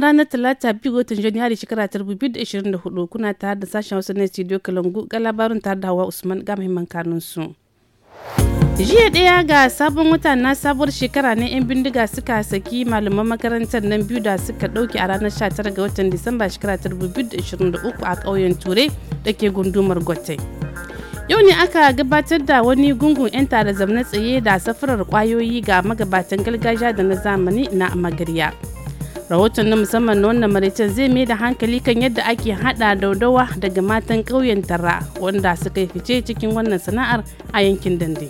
ranar talata biyu ga watan janairu shekara ta biyu da ishirin da hudu kuna tare da sashen wasu na studio kalangu ga labarin tare da hawa usman ga muhimman kanun su. jiya daya ga sabon wata na sabuwar shekara na 'yan bindiga suka saki malaman makarantar nan biyu da suka ɗauke a ranar 19 ga watan disamba shekara ta biyu da da uku a ƙauyen ture da ke gundumar gote yau ne aka gabatar da wani gungun 'yan tare zamna tsaye da safarar kwayoyi ga magabatan gargajiya da na zamani na magarya. rahoton na musamman na wannan maraicen zai mai da hankali kan yadda ake hada daudawa daga matan ƙauyen tara wanda suka fice cikin wannan sana'ar a yankin dande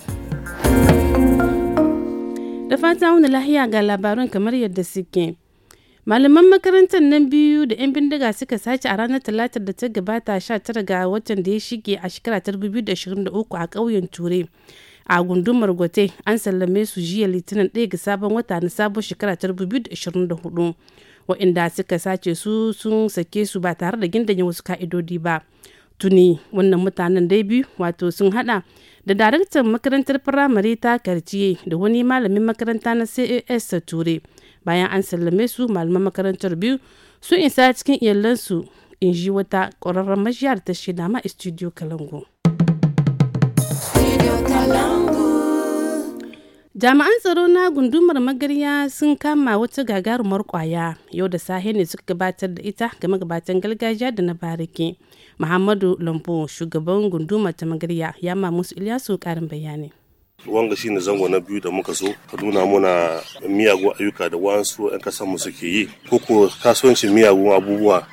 da fata wani lahiya ga labarun kamar yadda suke malaman makarantar nan biyu da 'yan bindiga suka sace a ranar talatar da ta gabata 19 ga watan da ya shige a shekara 2023 a ƙauyen ture a gundumar gote an sallame su jiya litinin ɗaya ga sabon wata na sabon shekara ta 2024 waɗanda suka sace su sun sake su ba tare da gindanyen wasu ka'idodi ba tuni wannan mutanen dai biyu wato sun hada da daraktan makarantar firamare ta karciye da wani malamin makaranta na cas ture bayan an sallame su malaman makarantar biyu su isa cikin iyalansu in ji wata ƙwararren majiyar ta shida ma studio kalangu. jami'an tsaro na gundumar magarya sun kama wata gagarumar kwaya yau da sahe ne suka gabatar da ita ga magabatan gargajiya da na bariki muhammadu lambo shugaban gundumar ta magarya ya ma musu ilyasu karin bayani wanga shi ne zango na biyu da muka so ka nuna muna miyagun ayyuka da wasu 'yan kasan musu suke yi ko koko kasuwancin miyagun abubuwa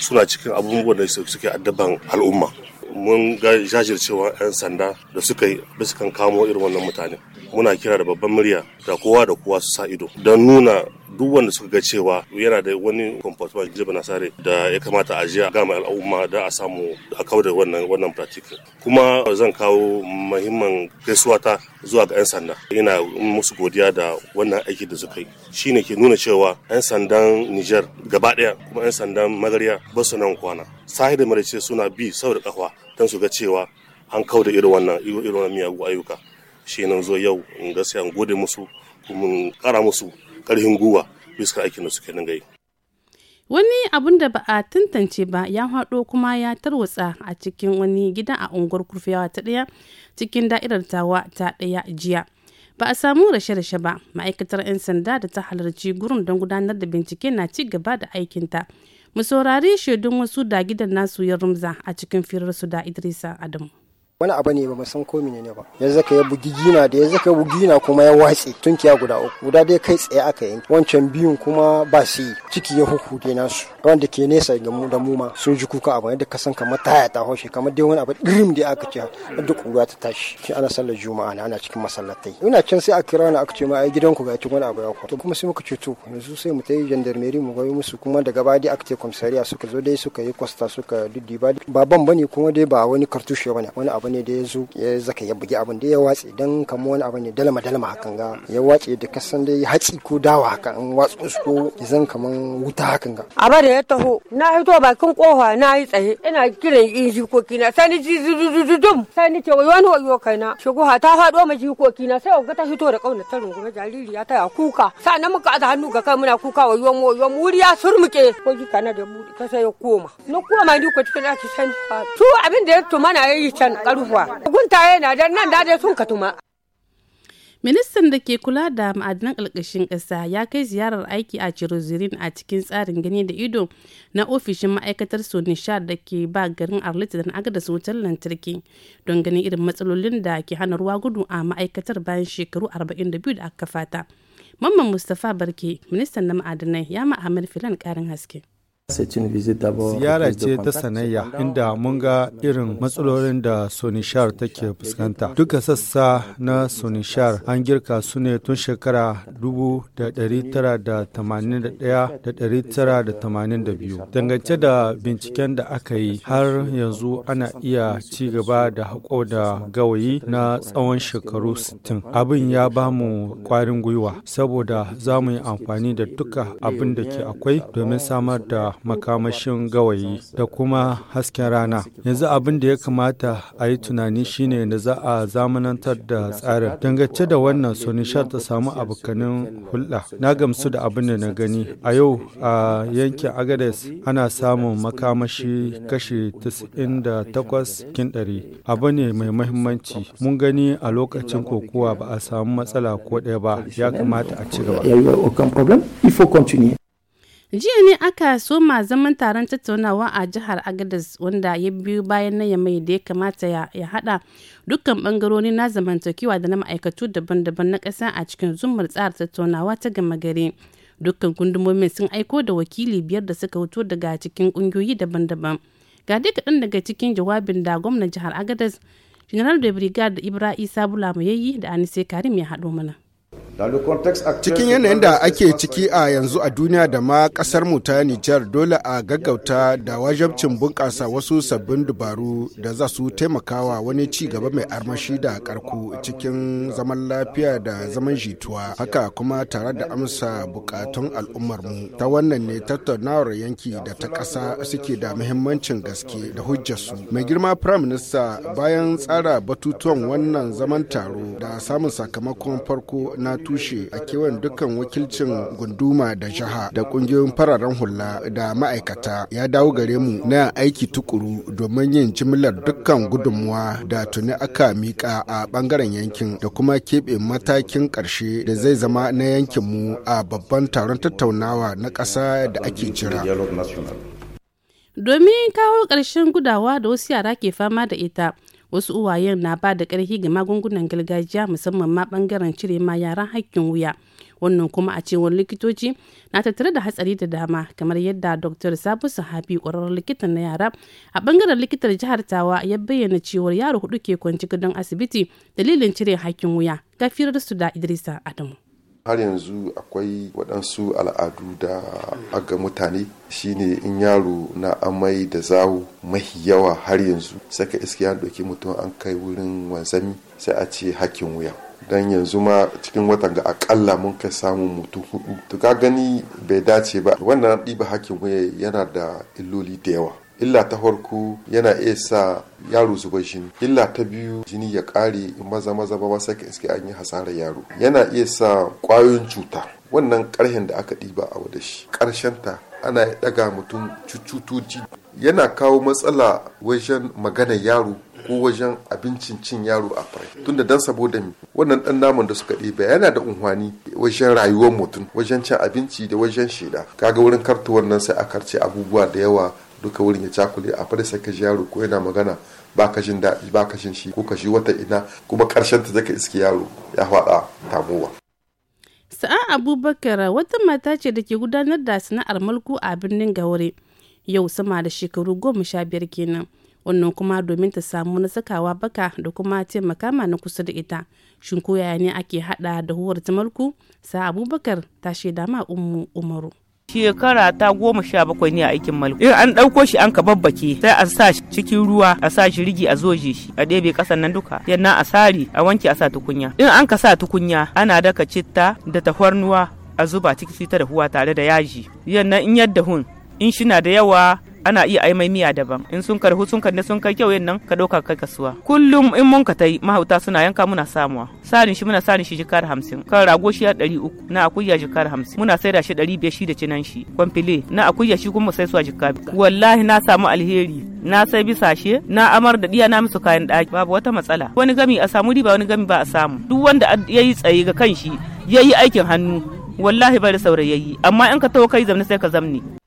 suna cikin abubuwan da suke addaban al'umma mun ga jajircewa 'yan sanda da suka yi biskan kamo irin wannan mutane muna kira da babban murya da kowa da kowa su sa ido don nuna duk wanda suka ga cewa yana da wani comportment jirgin nasare da ya kamata a jiya a gama al'umma da a samu a kauda wannan wannan kuma zan kawo muhimman gaisuwa ta zuwa ga 'yan sanda ina musu godiya da wannan aiki da suka yi shine ke nuna cewa 'yan sandan Niger gaba daya kuma 'yan sandan Magariya ba su nan kwana sahi da suna bi sau da kafa don su ga cewa an kau da irin wannan irin wannan miyagu ayyuka shi nan zo yau in gaskiya an gode musu kuma kara musu karhin guwa bisa aikin da suke nan gai wani abun da ba a tantance ba ya haɗo kuma ya tarwatsa a cikin wani gida a unguwar kurfiyawa ta ɗaya cikin da'irar tawa ta ɗaya jiya ba a samu rashe-rashe ba ma'aikatar 'yan sanda da ta halarci gurin don gudanar da bincike na ci gaba da aikinta mu saurari shaidun wasu da gidan nasu ya rumza a cikin firar su da idrisa adamu wani abu ne ba mu san ko menene ba ya zaka ya bugi gina da ya zaka bugi gina kuma ya watse tunkiya guda uku guda dai kai tsaye aka yanki wancan biyun kuma ba shi ciki ya hukude nasu wanda ke nesa ga mu da mu ma sun ji kuka abu yadda ka san kamar taya ta hoshe kamar dai wani abu dirim da aka ce duk kura ta tashi shi ana sallar juma'a ne ana cikin masallatai ina can sai a kira ni aka ce ma ai gidanku ga cikin wani abu ya to kuma sai muka ce to yanzu sai mu tayi gendarmerie mu goyi musu kuma daga ba dai aka ce komisariya suka zo dai suka yi kwasta suka diddi ba ban bane kuma dai ba wani kartushe bane wani abu abu ne da ya zo ya zaka ya bugi abin da ya watse dan kamar wani abu ne dalma dalma hakan ga ya watse da kasan dai hatsi ko dawa haka an watsu su ko zan kaman wuta hakan ga a bada ya taho na hito bakin kofa na yi tsaye ina kiran in jikoki na sai ni zuzuzuzum sai ni ce wai wani wayo kaina shuguha ta faɗo ma jikoki na sai ga ta hito da kauna ta rungume jariri ya taya kuka sannan muka da hannu ga kai muna kuka wayo wayo muri ya surmuke ko jika na da mu ta sai ya koma na koma ni ko cikin ɗaki can su abin da ya tumana yayi can rufa. guntaye na dan nan da sun katuma ministan da ke kula da ma'adinan ƙarƙashin ƙasa ya kai ziyarar aiki a cirozirin a cikin tsarin gani da ido na ofishin ma'aikatar sonishar da ke ba garin arlita da agada wutar lantarki don ganin irin matsalolin da ke hana ruwa gudu a ma'aikatar bayan shekaru 42 da aka fata mamman mustapha barke ministan na ma'adanai ya ma'amar filan ƙarin haske Ziyara ce ta sanayya inda mun ga irin matsalolin da sunishar take fuskanta. Duka sassa na sunishar an girka su ne tun shekara 1981-1982. Dangance da binciken da aka yi har yanzu ana iya ci gaba da haƙo da gawayi na tsawon shekaru 60. Abin ya ba mu ƙwarin gwiwa saboda za mu yi amfani da duka abin da ke akwai domin samar da makamashin gawayi da kuma hasken rana. Yanzu abin da ya kamata a yi tunani shine da za a zamanantar da tsarin. Dangance da wannan su nishar ta samu abokanin hulɗa. Na gamsu da abin da na gani. A yau a yankin Agades ana samun makamashi kashi 98 kin ɗari Abu ne mai mahimmanci. Mun gani a lokacin kokowa ba a samu matsala ko ɗaya ba. Ya kamata a ci gaba. Il faut continuer. jiya ne aka soma zaman taron tattaunawa a jihar agadas wanda ya biyu bayan na ya mai da ya kamata ya hada dukkan bangarori na zamantakewa da na ma'aikatu daban-daban na ƙasa a cikin zumar tsara tattaunawa ta gama gari dukkan gundumomin sun aiko da wakili biyar da suka wuto daga cikin ƙungiyoyi daban-daban ga dai kaɗan daga cikin jawabin da gwamnan jihar agadas general da brigade ibrahim sabula bulamu yayi da anise karim ya haɗo mana Cikin yanayin da ake ciki a yanzu a duniya da ma kasar mu ta Nijar dole a gaggauta da wajabcin bunƙasa wasu sabbin dubaru da za su taimakawa wani ci gaba mai armashi da karku cikin zaman lafiya da zaman jituwa haka kuma tare da amsa bukatun al'ummar mu ta wannan ne tattaunawar yanki da ta ƙasa suke da muhimmancin gaske da su Mai girma Prime Minister bayan tsara batutuwan wannan zaman taro da samun sakamakon farko na tushe a kewan dukkan wakilcin gunduma da jiha da kungiyoyin fararen hula da ma'aikata ya dawo gare mu na aiki tukuru domin yin jimlar dukkan gudunmuwa da tuni aka miƙa a bangaren yankin da kuma keɓe matakin ƙarshe da zai zama na yankinmu a babban taron tattaunawa na ƙasa da ake jira. Domin kawo ƙarshen gudawa da wasu yara ke fama da ita, wasu uwayen na ba da ƙarfi ga magungunan gargajiya musamman ma bangaren cire ma yaran hakkin wuya wannan kuma a cewar likitoci na tattare da hatsari da dama kamar yadda dr sabu sahabi ƙwararren likitan na yara a bangaren likitar jihar tawa ya bayyana cewar yaro hudu ke kwanci gidan asibiti dalilin cire haƙƙin wuya gafirar su da idrisa adamu har yanzu akwai waɗansu al'adu da aga mutane shine in yaro na amai da zawo mahi yawa har yanzu saka iska ya ɗauki mutum an kai wurin wanzami sai a ce hakkin wuya dan yanzu ma cikin watan ga akalla mun kai samun mutum hudu to ka gani bai dace ba wannan ɗiba hakkin wuya yana da illoli da yawa illa ta farko yana iya sa yaro zuba jini illa ta biyu jini ya ƙare maza maza ba sai iske an yi hasarar yaro yana iya sa kwayoyin cuta wannan karhen da aka ɗiba a wada shi ta ana ɗaga mutum cututoci yana kawo matsala wajen magana yaro ko wajen abincin cin yaro a fara tunda dan saboda mi wannan dan namun da suka ɗiba yana da unhwani wajen rayuwar mutum wajen cin abinci da wajen shida kaga wurin karta wannan sai a karce abubuwa da yawa duka wurin ya cakule a fara sai ka ji yaro ko yana magana ba ka jin daɗi ba jin shi ko ka shi wata ina kuma karshen ta zaka iske yaro ya faɗa tamowa. Sa'a Abubakar wata mata ce da ke gudanar da sana'ar mulku a birnin Gaure yau sama da shekaru goma sha biyar kenan. wannan kuma domin ta samu na sakawa baka da kuma taimaka na kusa da ita shin koyaya ne ake hada da huwar mulku sa abubakar ta shaida ma ummu umaru shekara ta goma sha bakwai ne a aikin malku in an ɗauko shi an ka babbake sai a sa cikin ruwa a sa shi rigi a zoje shi a ɗebe ƙasan nan duka yana a sari a wanke a sa tukunya in an ka sa tukunya ana daka citta da tafarnuwa a zuba ciki ta da huwa tare da yaji yannan in yadda hun in shi na da yawa ana iya ai mai miya daban in sun karhu sun karne sun kai kyau nan ka dauka kai kasuwa kullum in mun ka tai mahauta suna yanka muna samuwa sarin shi muna sarin shi jikar hamsin kan rago shi ɗari uku na akuya jikar hamsin muna saida shi ɗari biyar shi da cinan shi kwamfile na akuya shi kuma sai suwa jikka wallahi na samu alheri na sai bisashe na amar da diya na musu kayan ɗaki babu wata matsala wani gami a samu riba wani gami ba a samu duk wanda ya yi tsaye ga kanshi ya yi aikin hannu wallahi bari saurayi amma in ka tawo kai zamne sai ka zamne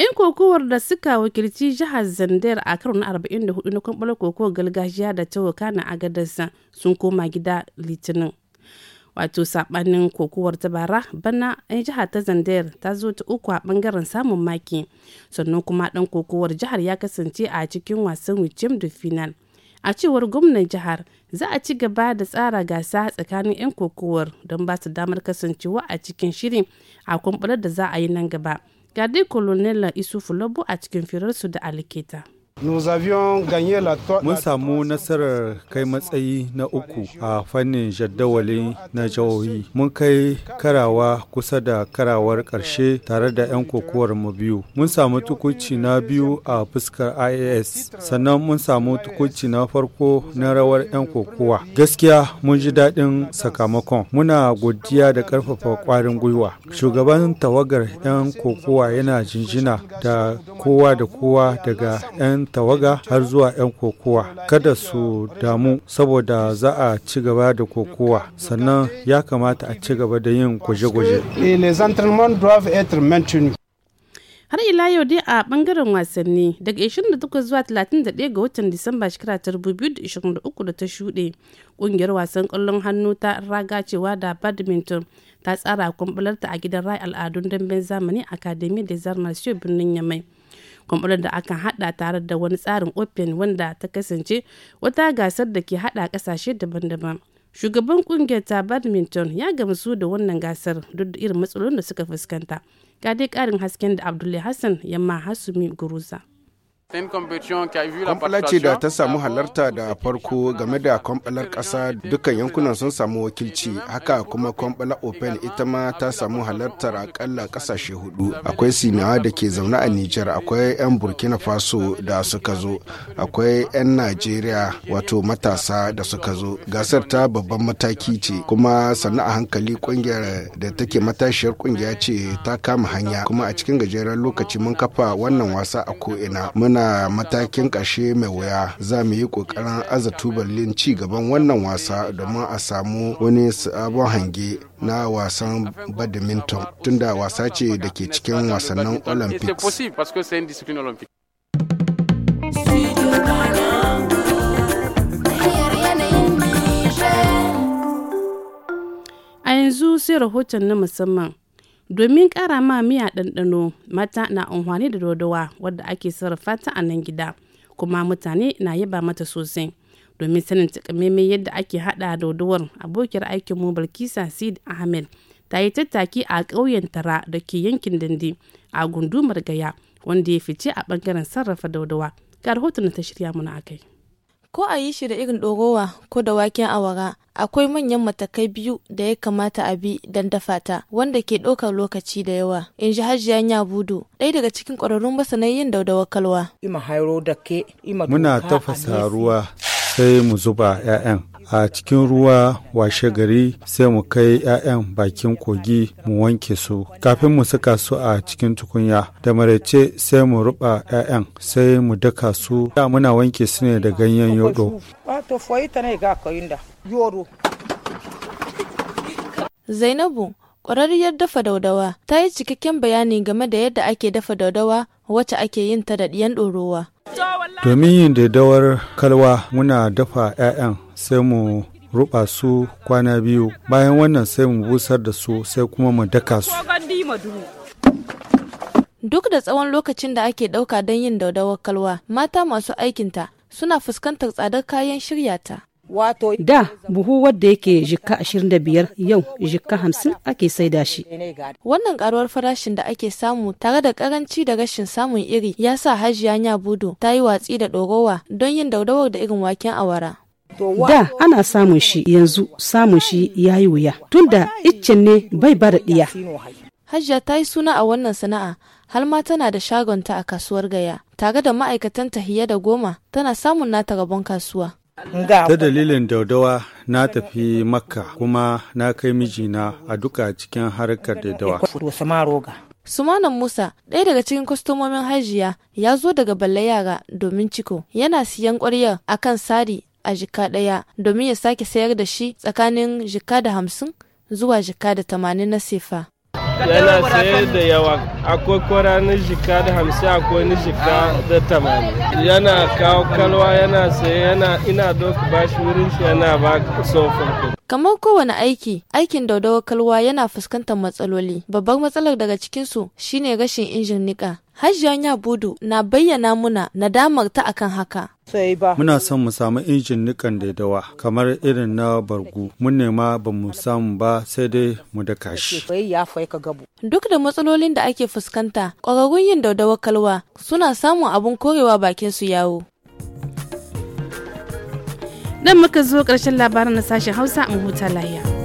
'Yan kokowar da suka wakilci jihar Zandar a karo na 44 na kwamfalar kokowar gargajiya da ta wakana a agadarsa sun koma gida Litinin. Wato sabanin kokowar ta bara bana 'yan jihar ta Zandar ta zo ta uku a bangaren samun maki sannan kuma dan kokowar jihar ya kasance a cikin wasan Wicem da final. A cewar gwamnan jihar za a ci gaba da tsara gasa tsakanin 'yan kokowar don ba su damar kasancewa a cikin shirin a kwamfalar da za a yi nan gaba. ga dai colonel isufu labo a cikin firarsu da alketa Mun samu nasarar kai matsayi na uku a fannin jaddawali na jihohi. Mun kai karawa kusa da karawar ƙarshe tare da 'yan kokowar mu biyu. Mun samu tukuci na biyu a fuskar IAS, sannan mun samu tukuci na farko na rawar 'yan kokowa. Gaskiya mun ji daɗin sakamakon. Muna godiya da ƙarfafa ƙwarin gwiwa. Shugaban tawagar 'yan kokowa yana jinjina da kowa da kowa daga 'yan tawaga har zuwa 'yan kokowa kada su damu saboda za a ci gaba da kokowa sannan ya kamata a ci gaba da yin gwaje-gwaje har ila yau dai a bangaren wasanni daga 28 zuwa 31 ga watan disamba shekara ta 2023 da ta shuɗe ƙungiyar wasan ƙwallon hannu ta ragacewa da badminton ta tsara kwambularta a gidan rai al'adun damben zamani academy des arts birnin yamai kwamfular da akan hada tare da wani tsarin open wanda ta kasance wata gasar da ke hada kasashe daban-daban shugaban kungiyar ta badminton ya gamsu da wannan gasar duk da irin matsalolin da suka fuskanta ga dai karin hasken da abdullahi hassan yamma hasumi guruza kwamfala ce da ta samu halarta da farko game da kwamfalar ƙasa dukkan yankunan sun samu wakilci haka kuma kwamfala open ita ma ta samu halartar akalla ƙasashe hudu akwai sinawa da ke zaune a nijar akwai 'yan burkina faso da suka zo akwai 'yan najeriya wato matasa da suka zo gasar ta babban mataki ce kuma sannu a hankali kungiyar da take matashiyar kungiya ce ta kama hanya kuma a cikin gajeren lokaci mun kafa wannan wasa a ko'ina muna na matakin ƙarshe mai wuya za mu yi ƙoƙarin aza tubalin ci gaban wannan wasa domin a samu wani sabon hange na wasan badminton tunda wasa ce da ke cikin wasannin olympics A yanzu sai rahoton na musamman domin kara ma miya ɗanɗano mata na amfani da dodowa wadda ake sarrafa ta a nan gida kuma mutane na yaba mata sosai domin sanin takamaiman yadda ake hada dodowar abokiyar mu bilkisa sid ahmed ta yi tattaki a ƙauyen tara da ke yankin dande a gundumar gaya wanda ya fice a ɓangaren sarrafa daudawa ga rahoton da ta shirya muna akai. ko a yi shi da irin ɗorowa ko da waken awara akwai manyan matakai biyu da ya kamata a bi don dafa ta wanda ke ɗaukar lokaci da yawa in ji hajiya Budu, ɗaya daga cikin ƙwararrun masanan yin daudawa kalwa muna tafasa ruwa sai mu zuba 'ya'yan a cikin ruwa washe gari sai mu kai 'ya'yan bakin kogi mu wanke su kafin mu saka su a cikin tukunya da maraice sai mu ruba 'ya'yan sai mu daka su da muna wanke su ne da ganyen yodo zainabu ƙwararriyar dafa daudawa ta yi cikakken bayani game da yadda ake dafa daudawa wacce ake yin ta da ɗiyan ɗorowa domin yin daidawar kalwa muna dafa 'ya'yan sai mu ruba su kwana biyu bayan wannan sai mu busar da su sai kuma mu daka su duk da tsawon lokacin da ake ɗauka don yin daudawar kalwa mata masu aikinta suna fuskantar tsadar kayan shirya ta da buhu wadda yake jikka 25 yau jikka 50 ake saida shi. Wannan karuwar farashin da ake samu tare da karanci da rashin samun iri ya sa hajiya budu ta yi watsi da ɗorowa don yin daudawar da irin waken awara. da ana samun shi yanzu samun shi ya yi wuya tunda iccen ne bai bada ɗiya. Hajja ta yi suna a wannan sana'a har ma tana da shagonta a kasuwar gaya tare da ma'aikatan ta hiye da goma tana samun nata rabon kasuwa. Ta dalilin daudawa na tafi makka kuma na kai mijina a duka cikin harkar daidawa. Sumanan Musa, ɗaya daga cikin kwastomomin hajiya, ya zo daga balle yara domin ciko, yana siyan ƙwaryar akan sari a jika ɗaya domin ya sake sayar da shi tsakanin jika da hamsin zuwa jika da tamanin na sefa. yana sayar da yawa akwai kwara na jika da hamsin akwai na jika da tamanin yana kawo kalwa yana saye yana ina doka bashi wurin shi yana ba sofin Kamar kowane aiki, aikin daudawa kalwa yana fuskantar matsaloli. Babbar matsalar daga cikinsu shine rashin injin niƙa. Hajjiyan Yabudu na bayyana muna nadamar ta akan haka. Muna son mu samu injin nikan daidawa kamar irin na bargu mun nema ba mu samu ba sai dai mu da kashi. Duk da matsalolin da ake fuskanta, ƙwararrun yin daudawa kalwa suna samun abun korewa bakin su yawo. Nan muka zo ƙarshen labarin na sashen hausa mu huta lahiya